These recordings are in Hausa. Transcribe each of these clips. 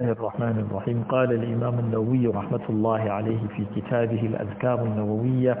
الله الرحمن الرحيم قال الإمام النووي رحمة الله عليه في كتابه الأذكار النووية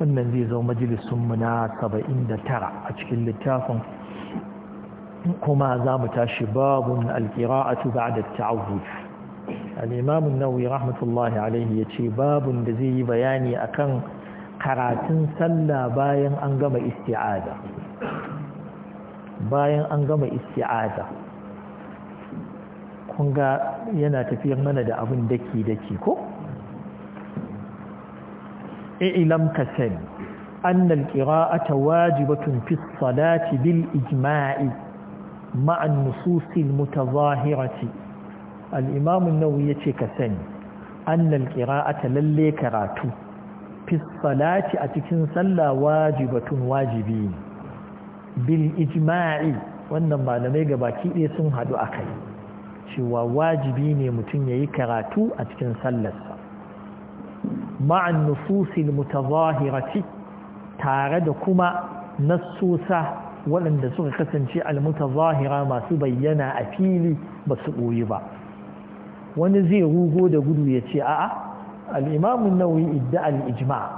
ومن ذي زو مجلس مناسب عند ترى أشك اللتاف كما زامت شباب القراءة بعد التعوذ الإمام النووي رحمة الله عليه يتشباب لذي بياني أكن قرات سلا باين أنقم استعاذة باين أنقم استعاذة kun ga yana tafiyar mana da abin daki-daki ko? ilam ka sani annal ƙira'ata wajibatun fi salati bil ijma'i ma'an nususil mutazahirati al'imamun nau'i ya ce ka sani annal ƙira'ata lalle karatu fi salati a cikin sallah wajibatun wajibi bil ijma'i wannan malamai gabaki ɗaya sun haɗu a kai cewa wajibi ne mutum ya yi karatu a cikin sallarsa ma'an nususil mutazahirati tare da kuma nasusa waɗanda suka kasance almutazahira masu bayyana a fili ba su ɓoyi ba wani zai rugo da gudu ya ce a'a al'imamun nauyi idda al'ijma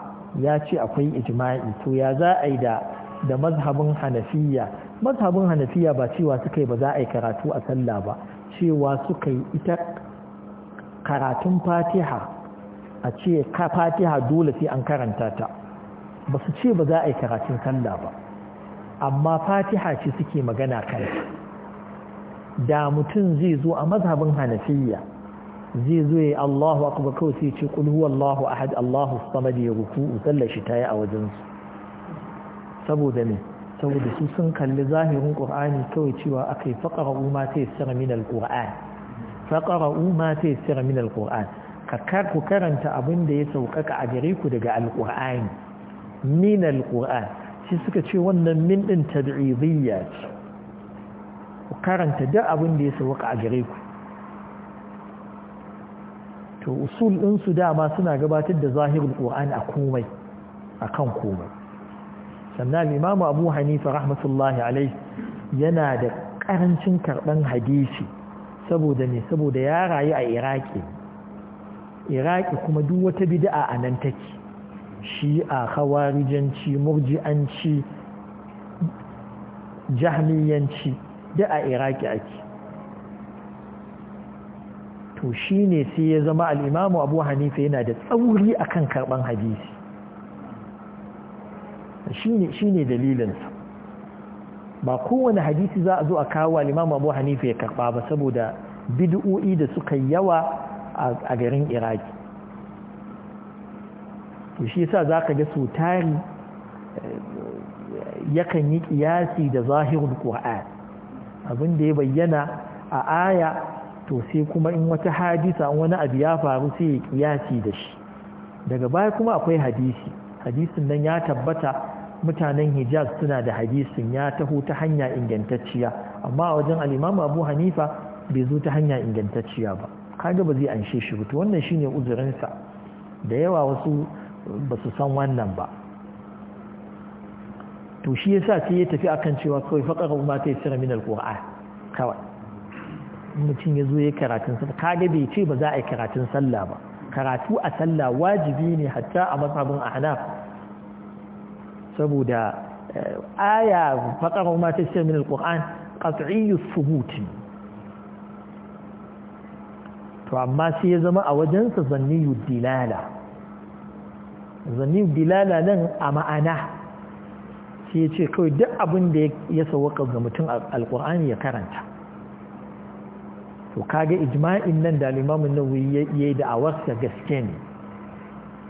ya ce akwai ijma'i to ya za a yi da mazhabin hanafiya mazhabin hanafiya ba cewa suka yi ba za a yi karatu a sallah ba cewa suka yi ita karatun fatiha a ce ka fatiha dole sai an karanta ta ba su ce ba za a yi karatun kalla ba amma fatiha ce suke magana kanta da mutum zai zo a mazhabin hanafiya zai zo ya yi Allahu akbar kawai sai ce Allahu, huwallahu ahad Allahu samad ya rufu sallar shi ta yi a wajensu saboda ne saboda su sun kalli zahirin ƙur'ani kawai cewa aka yi faƙara'u ma ta yi min alƙur'an faƙara'u ta yi min ka ku karanta abin da ya sauƙaƙa a gare ku daga alƙur'ani min alƙur'an shi suka ce wannan min ɗin tabi'idiyya ce ku karanta duk abin da ya sauƙa a gare ku to usul ɗinsu dama suna gabatar da zahirin ƙur'ani a komai a kan komai sannan limamu abu hanifa rahmatullahi alai yana da ƙarancin karɓan hadisi saboda ne saboda ya rayu a iraki iraki kuma duk wata bida'a a nan take shi'a hawarijanci murji'anci jahmiyanci da a iraki ake to shine sai ya zama al'imamu abu hanifa yana da tsauri akan karɓan hadisi shi ne dalilinsa ba kowane hadisi za a zo a kawo limam abu hanifu ya karba ba saboda bid'o'i da suka yawa a garin iraki to shi yasa za ka ga su tari eh, yakan yi kiyasi da zahirul qur'an abin da ya bayyana a aya to sai kuma in wata hadisa wani abu ya faru sai ya kiyasi da shi daga baya kuma akwai hadisi hadisin nan ya tabbata mutanen hijaz suna da hadisin ya taho ta hanya ingantacciya amma a wajen al'imamu abu hanifa bai zo ta hanya ingantacciya ba kaga ba zai anshe shi ba wannan shine uzurinsa da yawa wasu ba su san wannan ba to shi ya sa sai ya tafi akan cewa kawai faƙar umma ta sira minal alquran kawai mutum ya zo ya karatun sallah kaga bai ce ba za a yi karatun sallah ba karatu a sallah wajibi ne hatta a mazhabin ahnaf saboda eh, aya faƙar ma ta ce min alƙur'an ƙas'iyyar subuti to amma sai ya zama a wajensa zanniyu dilala zanniyu dilala nan a ma'ana sai ya ce kawai duk abin da ya sauwaka ga mutum alƙur'ani ya karanta to kaga ijma'in nan da limamin ya yi da awarsa gaske ne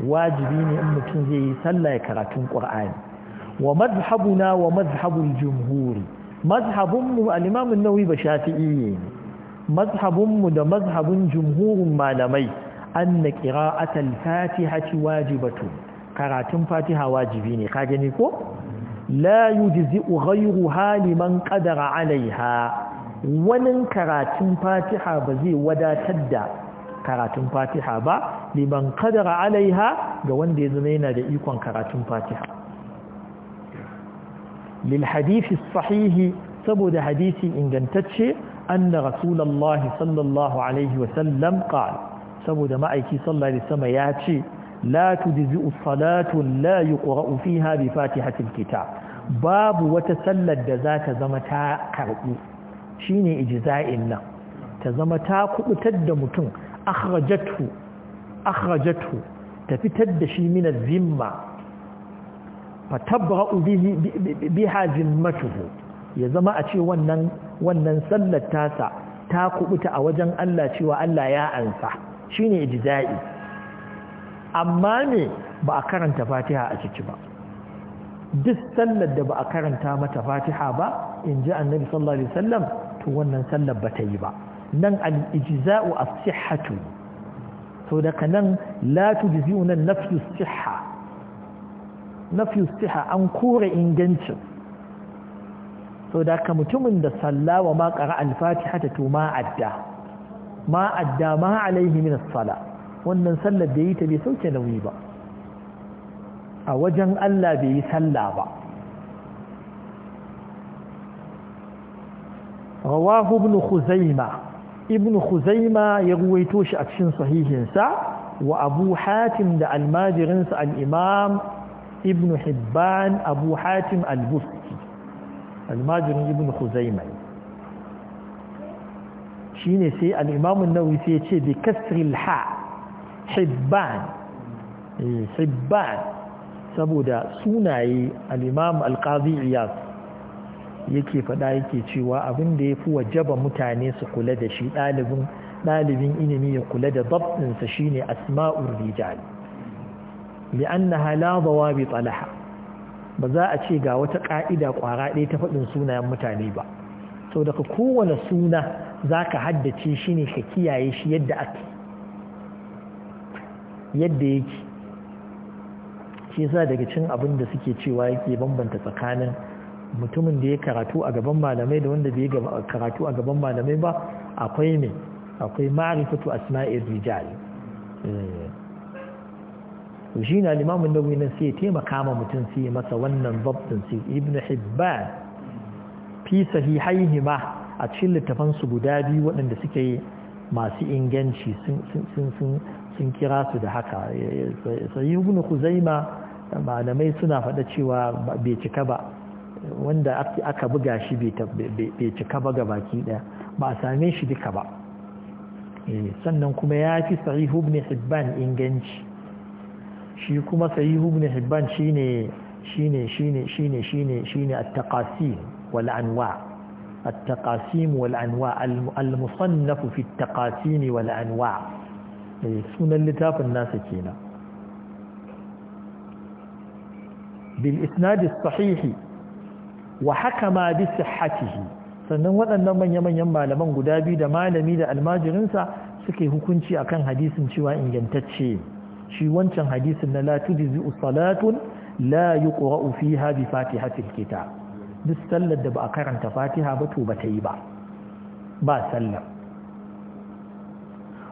wajibi ne in mutum zai yi sallah ya karatun ƙur'ani. wa mazhabuna wa mazhabul jumhuri mazhabunmu al'imamun nauyi ba shafi'i ne mazhabunmu da mazhabun jumhurin malamai an na ƙira'atar fatihati wajibatu karatun fatiha wajibi ne ka gani ko? la yujzi'u ghayru haliman qadara alaiha wani karatun fatiha ba zai wadatar da karatun fatiha ba liman qadara alaiha ga wanda ya zama yana da ikon karatun fatiha lil hadisi sahihi saboda hadisi ingantacce anna rasulullahi sallallahu alaihi wasallam qala saboda ma'aiki sallallahu alaihi wasallam ya ce la tujzi'u salatun la yuqra'u fiha bi fatihatil kitab babu wata sallar da za ta zama ta karɓi shi ne ijiza'in nan ta zama ta kubutar da mutum akhrajatu akhrajatu ta fitar da shi minar zimma fatabra'u biha zimmatuhu ya zama a ce wannan wannan sallar tasa ta kubuta a wajen Allah cewa Allah ya ansa shine ijza'i amma ne ba a karanta Fatiha a ciki ba duk sallar da ba a karanta mata Fatiha ba inji Annabi sallallahu alaihi wasallam to wannan sallar ba ta yi ba nan al-ijza'u as-sihhatu to daga nan la tujzi'u an-nafsu as-sihha na siha an kore ingancin so da ka mutumin da salla wa ma ƙara alfatiha ta to ma'adda ma'adda ma min sala wannan sallar da yi ta bai sauke nauyi ba a wajen Allah bai yi salla ba rawahu ibn khuzaima ibn khuzaima ya ruwaito shi a cikin sahihinsa wa abu hatim da almajirinsa al-imam Ibnu hibban abu hatim al-busti almajirin ibn khuzaima shine sai al-imam an-nawawi sai ya ce bi kasri ha eh, hibban saboda sunaye al-imam al-qadi iyas yake fada cewa abinda da yafi wajaba mutane su kula da shi dalibin dalibin ilimi ya kula da dabtinsa shine asma'ur rijal li'annaha la dawabi talaha ba za a ce ga wata ka'ida kwara ɗaya ta faɗin sunayen mutane ba sau daga kowane suna za ka haddace shi ne ka kiyaye shi yadda ake yadda yake shi sa daga cin abin da suke cewa yake bambanta tsakanin mutumin da ya karatu a gaban malamai da wanda bai karatu a gaban malamai ba akwai ne akwai ma'rifatu asma'ir rijal eh. to shi na limamun nan sai taimaka ma mutum sai yi masa wannan zabtin sai ibn hibban fi sahihaihi ma a cikin littafan su guda biyu waɗanda suke masu inganci sun kira su da haka sai ibn khuzaima malamai suna faɗa cewa bai cika ba wanda aka buga shi bai cika ba ga baki ɗaya ba a same shi duka ba eh, sannan kuma ya fi sahihu ibn hibban inganci shi kuma sahihu ibn hibban shine shine shine shine shine shine at-taqasim wal anwa at-taqasim wal anwa al-musannaf fi at-taqasim wal anwa eh, sunan littafin nasa kenan bil isnad as-sahih wa hakama bi sihhatihi sannan waɗannan manya-manyan malaman guda biyu da malami da almajirinsa suke hukunci akan hadisin cewa ingantacce shi wancan hadisin na la salatun la yuqra'u fiha bi fatiha tilkita. duk sallar da ba a karanta fatiha ba to ba ta yi ba ba sallar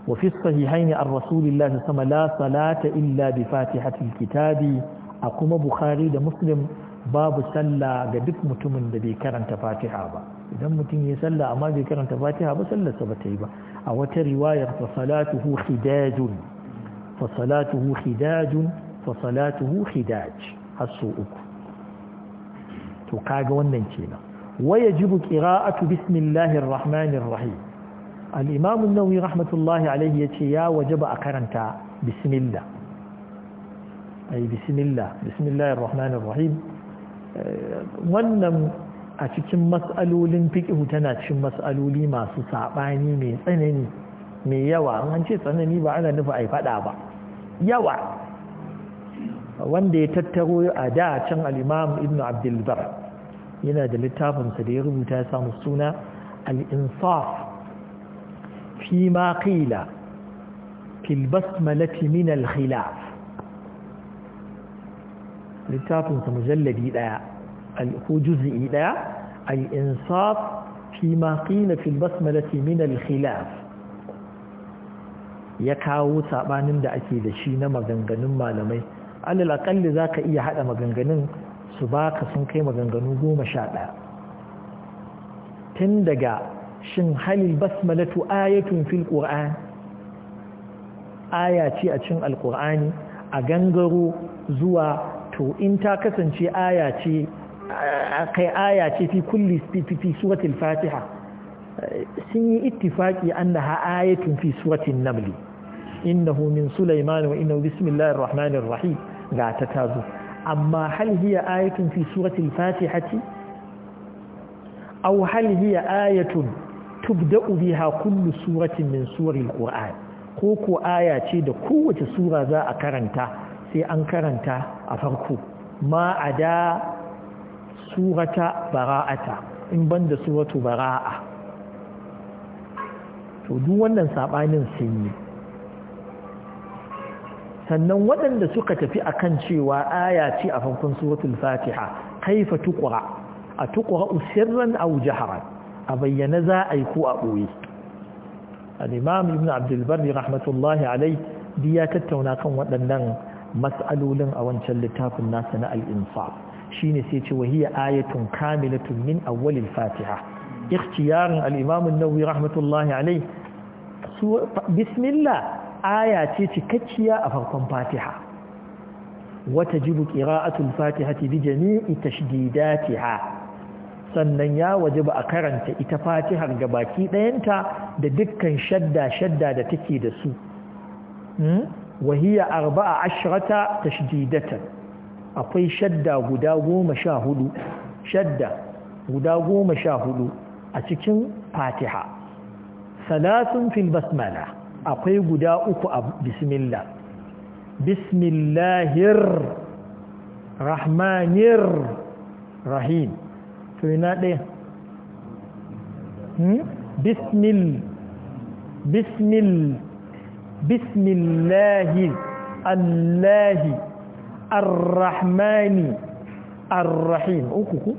wa fi sahihain an rasulillahi sama la salata illa bi tilkita bi. a kuma bukhari da muslim babu sallah ga duk mutumin da bai karanta fatiha ba idan mutum ya salla amma bai karanta fatiha ba sallarsa ba ta yi ba a wata riwayar fa salatuhu khidajun فصلاته خداج فصلاته خداج السوء تقاق وننكينا ويجب قراءة بسم الله الرحمن الرحيم الإمام النووي رحمة الله عليه يتيا وجب أقرنك بسم الله أي بسم الله بسم الله الرحمن الرحيم ونم a cikin matsalolin fiƙihu tana cikin matsaloli masu saɓani mai tsanani mai yawa an ce tsanani ba ana nufa ai fada ba yawa wanda ya tattaro a da can al-imam ibn abdulbar yana da littafinsa da ya rubuta ya samu suna al-insaf fi ma qila fil basmalati min al-khilaf littafinsa mujalladi daya ko juz'i daya al-insaf fi ma qila fil basmalati min al-khilaf ya kawo saɓanin da ake da shi na maganganun malamai alal aqalli zaka iya haɗa maganganun su baka sun kai maganganu goma sha ɗaya tun daga shin halil basmalatu ayatun fil qur'an aya ce a cikin alqur'ani a gangaro zuwa to in ta kasance aya ce kai aya ce fi kulli fi suratul fatiha sun yi ittifaki annaha ayatun fi suratul naml innahu min sulaiman wa innahu bismillahir rahmanir rahim ga ta tazo amma hal hiya ayatun fi suratul fatihati aw hal hiya ayatun tubda'u biha kullu suratin min suril qur'an ko ko aya ce da kowace sura za a karanta sai an karanta a farko ma ada surata bara'ata in banda suratu bara'a to duk wannan sabanin sun yi sannan waɗanda suka tafi a kan cewa aya ce a farkon suratul fatiha haifa tukura a tuqra sirran aw jahran a bayyana za a yi ko a ɓoye al-imam ibn abdul barri rahmatullahi alai bi ya tattauna kan waɗannan mas'alolin a wancan littafin nasa na al-insaf shine sai ce wahiya ayatun kamilatun min awwalil fatiha ikhtiyarin al-imam an rahmatullahi alai bismillah aya ce cikakkiya a farkon fatiha wata jibu ƙira'atul fatiha ta bi jami'i tashdidatiha sannan ya waje ba a karanta ita fatihar ga baki ɗayanta da dukkan shadda-shadda da take da su hmm? wahiyar arba'a ashirata ta akwai shadda guda goma sha hudu shadda guda goma sha hudu a cikin fatiha salasun Filbas mana. akwai guda uku a bismillah bismillahir rahmanir rahim to ina ɗaya hmm? bismil bismil bismillahi allahi arrahmani arrahim uku ku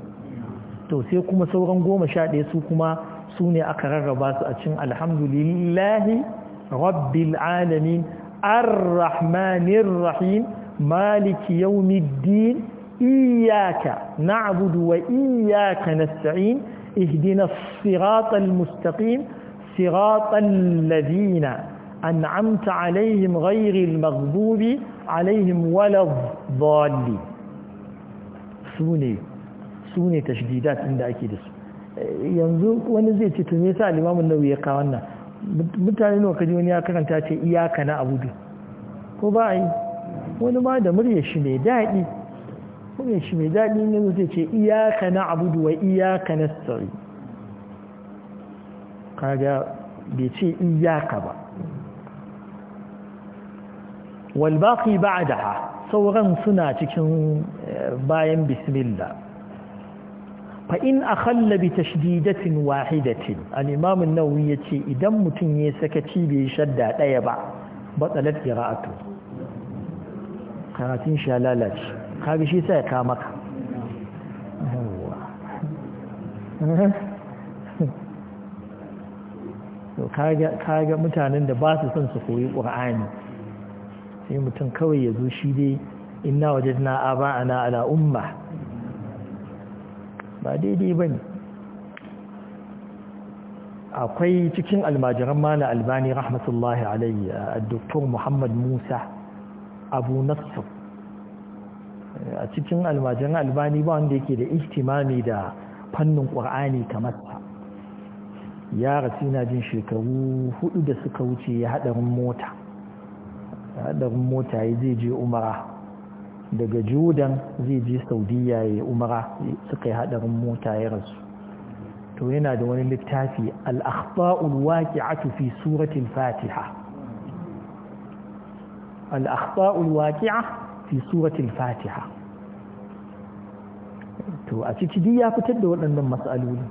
to sai kuma sauran goma sha ɗaya su kuma su ne aka rarraba su a cikin alhamdulillahi رب العالمين الرحمن الرحيم مالك يوم الدين إياك نعبد وإياك نستعين اهدنا الصراط المستقيم صراط الذين أنعمت عليهم غير المغضوب عليهم ولا الضالين سوني سوني تشديدات عند أكيد ينظر ونزيل تتميسا الإمام النووي يقع mutane nawa kaji wani ya karanta ce iyaka na abudu ko ba a yi wani ma da murya shi mai daɗi murya shi mai daɗi ne zai ce iyaka na abudu wa iyaka na tsari kaga bai ce iyaka ba walbaki ba da ha sauran suna cikin eh, bayan bismillah fa'in a kallabi ta shididatin wahidatin al'imamun nauyi ya ce idan mutum ya sakaci bai shadda ɗaya ba batsalar kira'atu karatun sha lalace kaga shi sai ka maka kaga mutanen da ba su son su koyi ƙur'ani sai mutum kawai ya zo shi dai inna wajen na aba ana ala ba daidai ba ne akwai cikin almajiran mala albani rahmatullahi alayhi a doktor muhammad musa abu nassu a cikin almajiran albani ba wanda yake da ihtimami da fannin ƙwar'ani kamar ta ya rasu na jin shekaru hudu da suka wuce ya haɗarin mota haɗarin mota ya zai je umara daga jordan zai je saudiya ya umara suka yi hadarin mota ya rasu to yana da wani littafi al-akhba'ul waqi'atu fi suratul fatiha al-akhba'ul waqi'a fi suratul fatiha to a ciki duk ya fitar da waɗannan matsaloli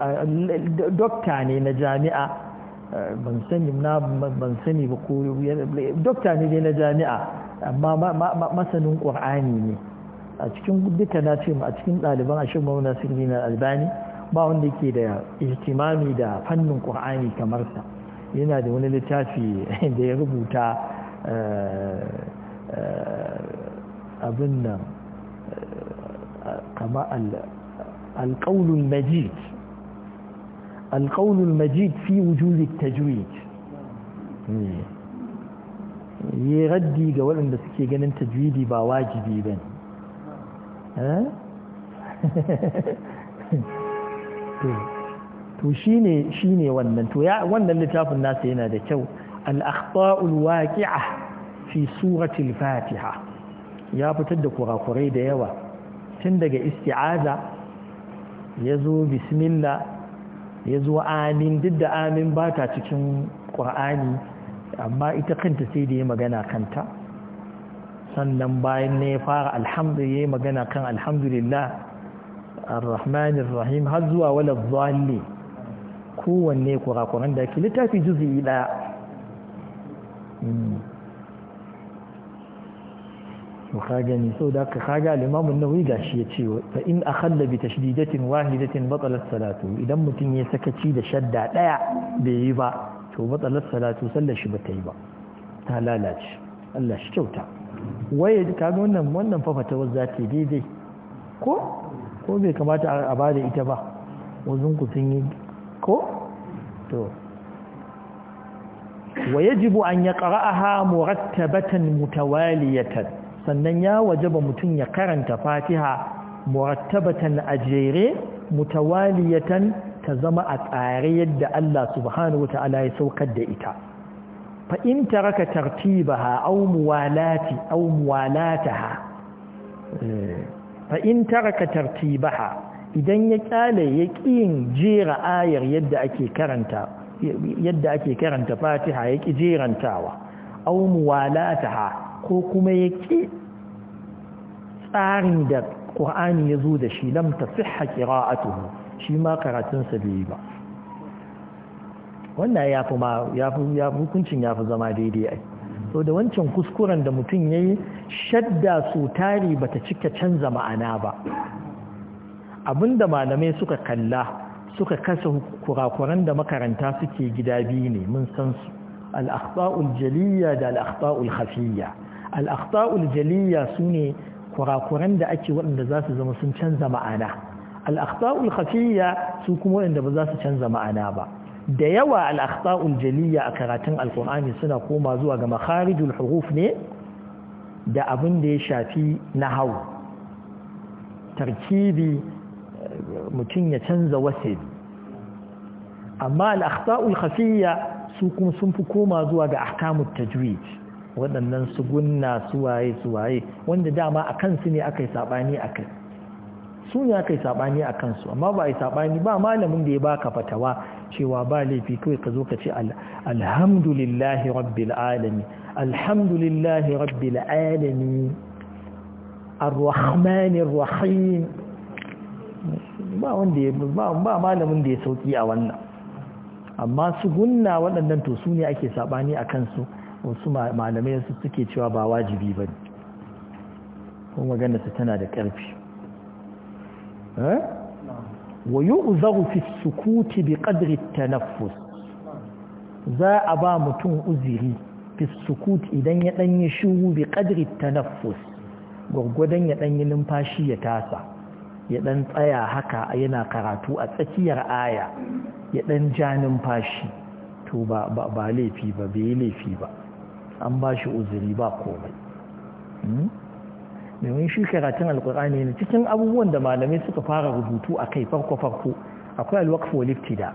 a dokta ne na jami'a ban sani na ban sani ba ko dokta ne dai na jami'a amma masanin ƙur'ani ne a cikin duka na ce a cikin ɗaliban a shirin mauna na albani ba wanda ke da ihtimami da fannin ƙur'ani kamar sa yana da wani littafi da ya rubuta eh, eh, abin nan eh, kama majid القول المجيد في وجود التجويد يغدي قولا بس كي قال انت تجويدي بواجبي بن ها شيني شيني ونن تو ونن اللي تعرف الناس هنا ده كو الاخطاء الواقعه في سوره الفاتحه يا بتد كوراكوري ده يوا تن daga استعاذه يزو بسم الله ya zo amin duk da amin ba ta cikin ƙwa'ani amma ita kanta sai da ya magana kanta sannan bayan na ya fara alhamdu ya yi magana kan alhamdulillah arrahmanir rahim har zuwa wala zalli kowanne kurakuran da ke littafi juzi ɗaya hmm. to ka gani so da ka kaga limamin nawawi gashi ya ce fa in akhalla bi tashdidatin wahidatin batalat salatu idan mutum ya sakaci da shadda daya bai yi ba to batalat salatu sallar shi bata yi ba ta lalace Allah shi kyauta waye ga wannan wannan fa fata wazza ce daidai ko ko bai kamata a bada ita ba wazun ku sun yi ko to ويجب أن يقرأها مرتبة متوالية sannan ya wajaba mutum ya karanta fatiha murattabatan a jere mutawaliyatan ta zama a tsare yadda Allah subhanahu wata'ala ya saukar da ita fa in taraka tartibaha aw muwalati aw muwalataha fa in taraka tartibaha idan ya kyale ya kiyin jera ayar yadda ake karanta yadda ake karanta fatiha ya ki jerantawa aw muwalataha ko kuma ya ƙi tsarin da ƙur'ani ya zo da shi lam ta siha ƙira'atuhu shi ma karatunsa bai yi ba wannan ya fi hukuncin ya fi zama daidai ai so da wancan kuskuren da mutum ya yi shadda su tari ba ta cika canza ma'ana ba abinda malamai suka kalla suka kasa kurakuran da makaranta suke gida biyu ne mun san su al'akhta'ul jaliyya da al'akhta'ul khafiyya al-akhta'ul jaliya sune kurakuran da ake waɗanda za su zama sun canza ma'ana al-akhta'ul su kuma waɗanda ba za su canza ma'ana ba da yawa al-akhta'ul jaliya a karatun alqur'ani suna koma zuwa ga makharijul huruf ne da abin da ya shafi hau tarkibi mutum ya canza wasili amma al-akhta'ul su kuma sun fi koma zuwa ga ahkamut tajwid waɗannan su gunna su waye su waye wanda dama a kansu ne aka yi saɓani a kai su ne aka yi saɓani a kansu amma ba a yi saɓani ba malamin da ya baka fatawa cewa ba laifi kawai ka zo ka ce alhamdulillahi rabbil alami alhamdulillahi rabbil alami arrahmanir rahim ba wanda ya ba malamin da ya sauki a wannan amma su gunna waɗannan to su ne ake saɓani a kansu wasu malamai su suke cewa ba wajibi ba ne magana maganarsa tana da ƙarfi eh? wa yi uzaru fi sukuti bi ƙadri tanafus za a ba mutum uziri fi sukuti idan ya ɗanyi shiru bi ƙadri tanafus Gwaggwadon ya ɗanyi numfashi ya tasa ya ɗan tsaya haka yana karatu a tsakiyar aya ya ɗan ja numfashi to ba laifi ba bai laifi ba an ba shi uzuri ba komai hmm? domin shi karatun alkur'ani ne cikin abubuwan da malamai suka fara rubutu a kai farko-farko akwai alwakf waliftida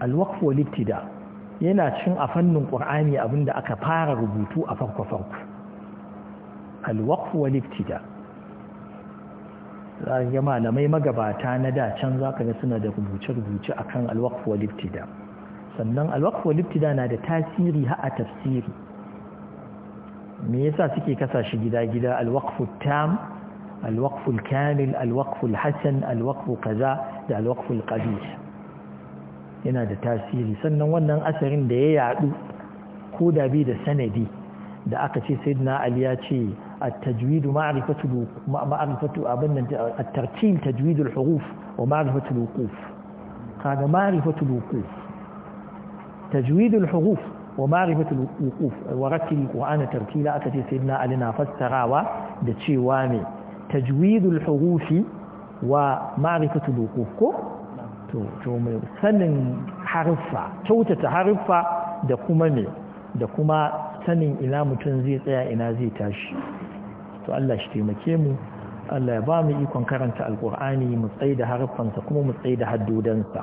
wa waliftida yana cin a fannin ƙur'ani abinda aka fara rubutu a farko-farko wa waliftida za a malamai magabata na da can za ka ga suna da rubuce-rubuce akan wa waliftida sannan alwaqf wal na da tasiri ha a tafsiri me yasa suke kasa shi gida gida alwaqful tam alwaqful kamil alwaqful hasan alwaqful kaza da alwaqful qabih yana da tasiri sannan wannan asarin da ya yadu ko da bi da sanadi da aka ce sayyidina ali ya ce التجويد معرفة معرفة أبنا الترتيل تجويد الحروف ومعرفة الوقوف هذا معرفة الوقوف تجويد الحروف ومعرفة الوقوف ورتل القرآن ترتيلا أكتي سيدنا علينا فسراوا دتشي وامي تجويد الحروف ومعرفة الوقوف كو to sanin haruffa kyautata haruffa da kuma ne da kuma sanin ina mutum zai tsaya ina zai tashi to Allah shi taimake mu Allah ya bamu ikon karanta alkur'ani mu tsaye da haruffansa kuma mu tsaye da haddodansa